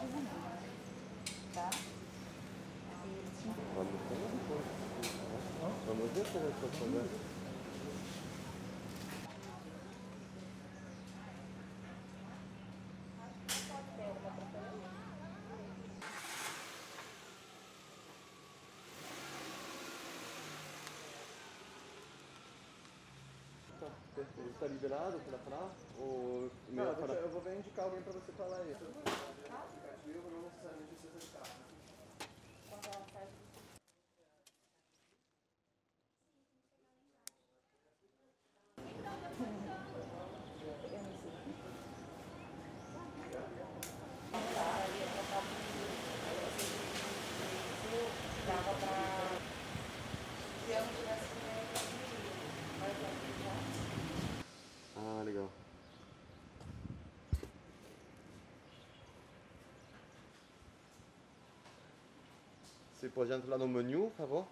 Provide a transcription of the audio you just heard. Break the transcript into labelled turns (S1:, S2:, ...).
S1: On
S2: va faire
S3: está liberado para falar? Ou melhor para eu,
S4: vou, indicar alguém para você falar tá? isso. Ah, não necessariamente
S5: C'est pour là dans le menu,
S6: ça va